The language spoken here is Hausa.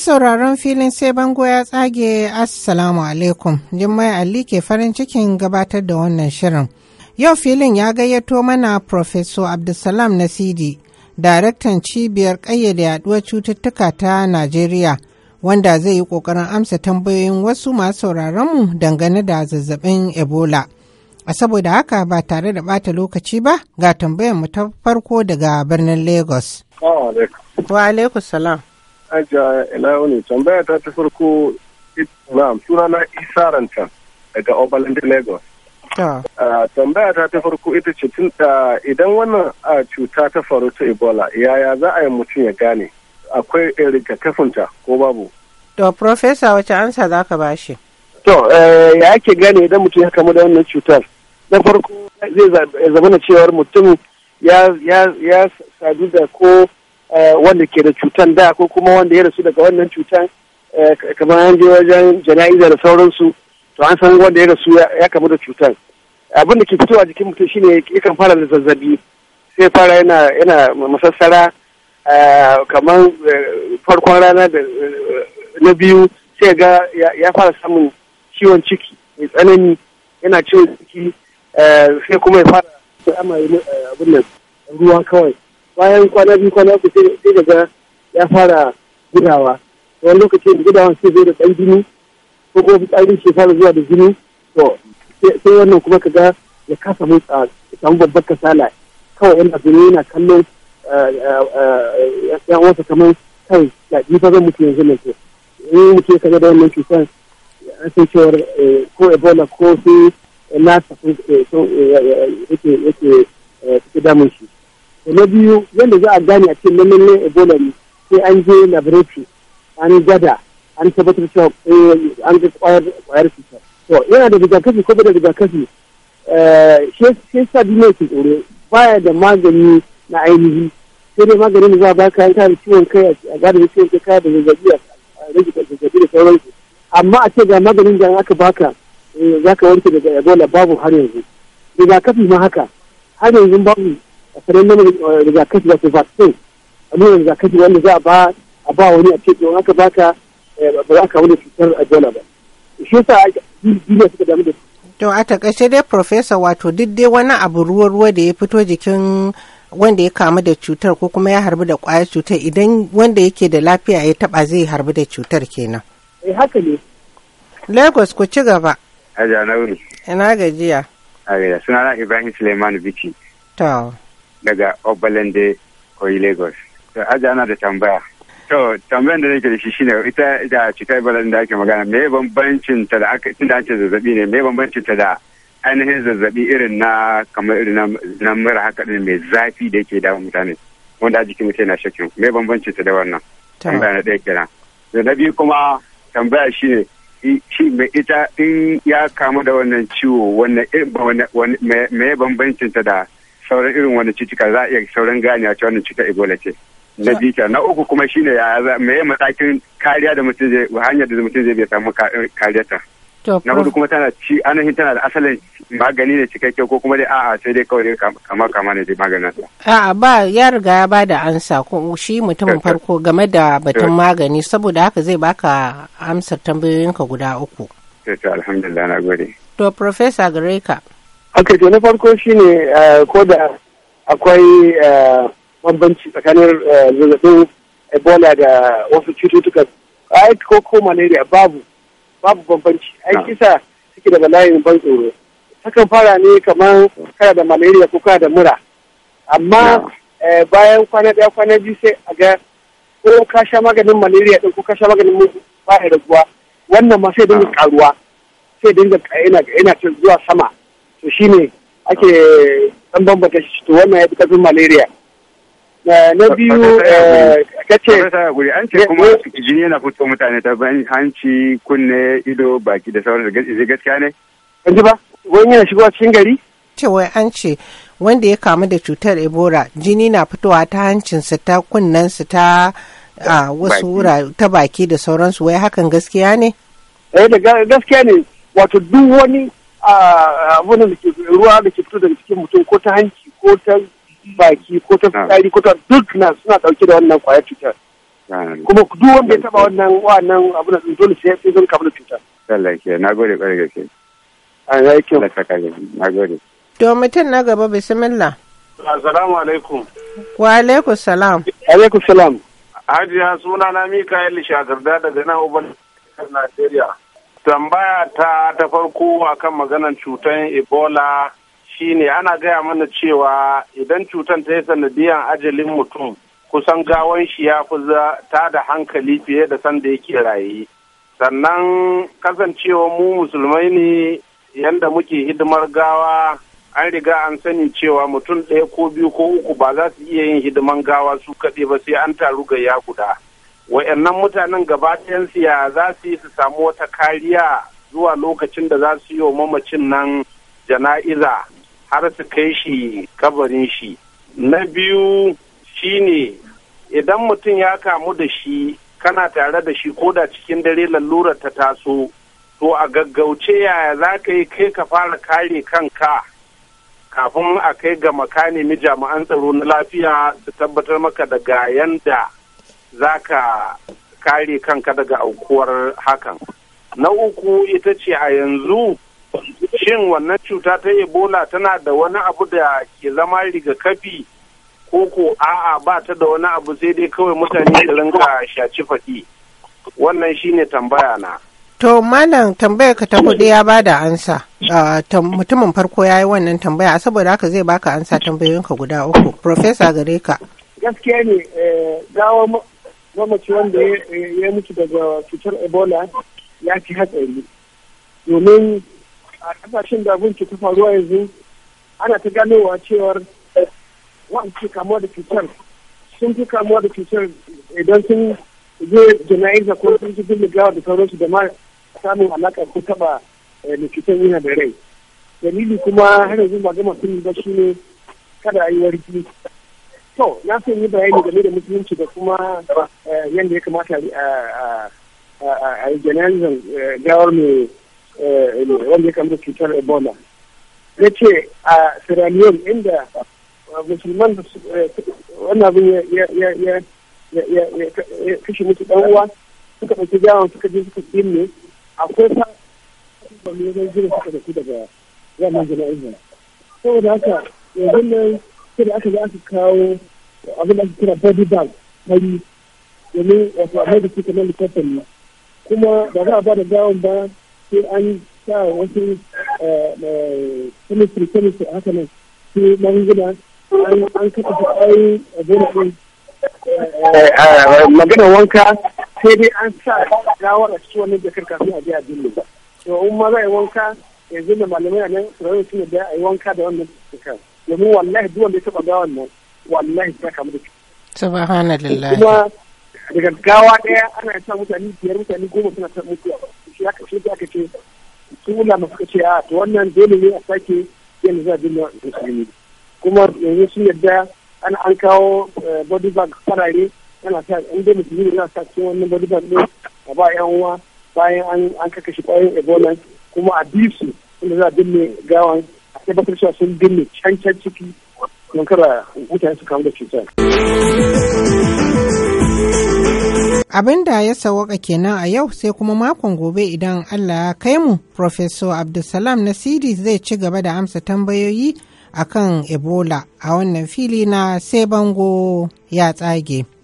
Masu sauraron filin sai bango ya tsage Assalamu alaikum, Jummai Ali ke farin cikin gabatar da wannan shirin. Yau filin ya gayyato mana Professor Abdulsalam Nasidi, daraktan cibiyar ƙayyade yaduwar cututtuka ta Najeriya, wanda zai yi ƙoƙarin amsa tambayoyin wasu masu sauraronmu dangane da zazzabin Ebola. A saboda haka ba tare da bata lokaci ba ga tambayar mu ta farko daga birnin Lagos. Wa salam. Aja ila wani tambaya ta ta farko Islam sunana Isa daga Obalin Lagos. Tambaya ta ta farko ita ce tun idan wannan cuta ta faru ta Ebola yaya za a yi mutum ya gane akwai rigakafinta ko babu. To Profesa wace ansa za ka bashi? To eh, ya ake gane idan mutum ya kamu da wannan cutar. Na farko zai zama na cewar mutum ya sadu da ko Eh, wanda ke da cutan da ko kuma wanda ya rasu daga wannan cutan eh, kamar an je wajen jana'iza da sauransu to an san wanda ya rasu ya kamu da cutan abin da ke fitowa jikin mutum shine yakan fara da zazzabi sai fara yana masassara eh, kamar farkon rana da na biyu sai ga ya fara samun ciwon ciki mai tsanani yana ciwon ciki sai kuma ya fara amai abin nan ruwa kawai bayan kwana biyu kwana uku sai daga ya fara gudawa wani lokacin da gudawan sai zai da ɗan jini ko kuma fitsarin shi fara zuwa da jini to sai wannan kuma kaga ya kasa motsa ya samu babbar kasala kawai yana zuni yana kallon eh, eh, eh, ya wasa kamar kai ya ji fa zan mutu yanzu ne to ni mutu kaga da wannan cutar an san cewar ko ebola ko sai lasa yake yake damun shi na biyu yadda za a gane a cikin ne ebola ne sai an je laboratory an gada an tabbatar cewa eh, an ga kwayar cutar to yana da rigakafi ko da rigakafi eh, shi sa ne ke tsoro baya da magani na ainihi sai dai maganin da za a baka yanka da ciwon kai a gada da ciwon kai kaya da zazzabi a rage zazzabi da sauransu amma a ce ga maganin da aka baka eh, za ka warke daga ebola babu har yanzu rigakafi ma haka har yanzu babu sanar mana eh, rigakafi wato vaccine a nuna rigakafi wanda za a ba wani a ce don haka baka eh, ba za ka wani cutar ajiyana ba shi yasa duniya suka damu da to a takaice dai professor wato duk dai wani abu ruwa ruwa da ya fito jikin wanda ya kamu da cutar ko kuma ya harbi da kwayar cutar idan wanda yake da lafiya ya taba zai harbi da cutar kenan eh haka ne lagos ku ci gaba a janauri ina gajiya a gajiya suna ibrahim suleiman bici to daga Obalende Koyi Lagos. To aji ana da tambaya. To tambayan da nake da shi shine ita da cutar Obalende da ake magana me bambancin ta da aka tun an ce zazzabi ne me bambancin ta da ainihin zazzabi irin na kamar irin na mura haka din mai zafi da yake damun mutane wanda a jikin mutum yana shakin me bambancin ta da wannan tambaya na ɗaya kenan. Da na biyu kuma tambaya shine shi mai ita in ya kamu da wannan ciwo eh, me bambancinta da sauran irin wani cutuka za a iya sauran gane a wannan cutar ebola ce na jita na uku kuma shine ya me matakin kariya da mutum zai hanyar da mutum zai bai samu eh, kariya ta na hudu kuma tana ci hin tana da asalin magani ne cikakke ko kuma dai a'a sai dai kawai kama kama ne dai maganin ta. a'a ba ya riga ya bada ansa ko shi mutumin farko game da batun magani saboda haka zai baka amsar tambayoyinka guda uku eh, to alhamdulillah na gode to professor Gareka. ok to na farko shine eh, ko da akwai eh, bambanci tsakanin eh, zazzabin ebola da wasu cututtuka aiki ko ko malaria babu babu bambanci ai kisa suke da bala'in ban tsoro takan fara ne kamar kara da malaria ko kana da mura amma bayan kwana daya kwana biyu sai a ga ko ka sha maganin malaria din ko ka sha maganin mutu ba ya raguwa wannan ma sai dinga karuwa sai dinga yana ina zuwa sama to ne ake dan bambanta shi to wannan ya fi karfin malaria na biyu eh, kace an ce kuma jini yana fito mutane ta ban hanci kunne ido baki da sauran da gaskiya ne an ji ba wani yana shigowa cikin gari wai an ce wanda ya kamu da cutar ebola jini na fitowa ta hancinsa ta kunnensa ta wasu wura ta baki da sauransu wai hakan gaskiya ne eh da gaskiya ne wato duk wani abunan da ke ruwa da ke fito daga cikin mutum ko ta hanci ko ta baki ko ta fitsari ko ta duk na suna dauke da wannan kwayar cutar kuma duk wanda ya taba wannan wannan abu nan dole sai sai zan kamu da cutar Allah ke gode kwarai gaske an yi kyau gode to mutum na gaba bismillah assalamu alaikum wa alaikum salam alaikum salam hajiya suna na mikael shagarda daga nan uban najeriya tambaya ta ta farko akan maganan cutan ebola shine ana gaya mana cewa idan cutar ta yi sanadiyar ajalin mutum kusan gawan shi ya fi ta da hankali fiye da sanda yake raye sannan kasancewa mu musulmai ne yadda muke hidimar gawa an riga an sani cewa mutum ɗaya ko biyu ko uku ba za su iya yin hidiman gawa su kaɗe ba sai an taru ga ya guda wa'annan mutanen gabatayansu ya za su yi su samu wata kariya zuwa lokacin da za su yi wa mamacin nan jana'iza har su kai shi kabarin shi na biyu shine idan mutum ya kamu da shi kana tare da shi ko da cikin dare lalurar ta taso to a gaggauce yaya za ka yi kai ka fara kare kanka kafin a kai ga makanimi jami'an tsaro na lafiya su tabbatar maka daga yanda za ka kare kanka daga aukuwar hakan na uku ita ce a yanzu shin wannan cuta ta ebola tana da wani abu da ke zama rigakafi ko ko a'a ba ta da wani abu sai dai kawai mutane da rinka shaci faɗi wannan shine tambaya na to malam tambayar ka ta kuɗi ya ba da ansa mutumin farko ya yi wannan tambaya saboda haka zai baka ansa tambayoyinka guda uku profesa gare ka gaskiya ne eh, mace wanda ya mutu daga cutar ebola ya ci hatsari domin a kasashen da abinci ta faruwa yanzu ana ta ganowa cewar wa'anda kamuwa da cutar sun fi kamuwa da cutar idan sun je jana'iza ko sun ji gawa da sauransu da ma samun alaƙa ko taɓa da eh, cutar yana da rai dalili kuma har yanzu ba gama sun ba shi ne kada a yi warki To, na son yi bayani game da musulunci da kuma eh, yadda ya kamata eh, eh, a yi janayizan gawar mai wanda ya kamata cutar Ebola. Ya ce a Sierra Leone inda musulman da wannan abin ya kashe mutu ɗan uwa suka ɗauki gawar suka je suka ne akwai fa ba mu yanzu jira suka tafi daga wannan janayizan. Saboda haka yanzu nan sai da aka za su kawo abin da kira body bag fari domin wato a mai da su na likafin nan kuma ba za a ba da gawon ba sai an sa wasu eh, eh, chemistry chemistry haka nan su magunguna an kafa su ayi abin da magana wanka sai dai an sa gawar a cikin wannan jakar kafin a je a dinne to in ma za a yi wanka yanzu da malamai a nan su rayu suna da a yi wanka da wannan jakar domin wallahi duk wanda ya taɓa gawan nan wallahi ta kamar da cuta subhanallah kuma da gaggawa daya ana sa mutane biyar mutane goma suna ta mutuwa shi aka shi aka ce su ulama suka ce a ah, to wannan dole ne a sake yin za a dinga musulmi kuma yanzu sun yadda an an kawo eh, body bag farare yana sa in dole su yi yana sa cikin wannan body bag ne a ba yan uwa bayan an an kakashe kwayoyin ebola kuma a bisu inda za a binne gawan a tabbatar cewa sun binne can can ciki don mutane su kamu da cutar. Abin da ya sawaka kenan a yau sai kuma makon gobe idan Allah ya kai mu, Professor Abdulsalam Nasiri zai ci gaba da amsa tambayoyi akan Ebola a wannan fili na sai bango ya tsage.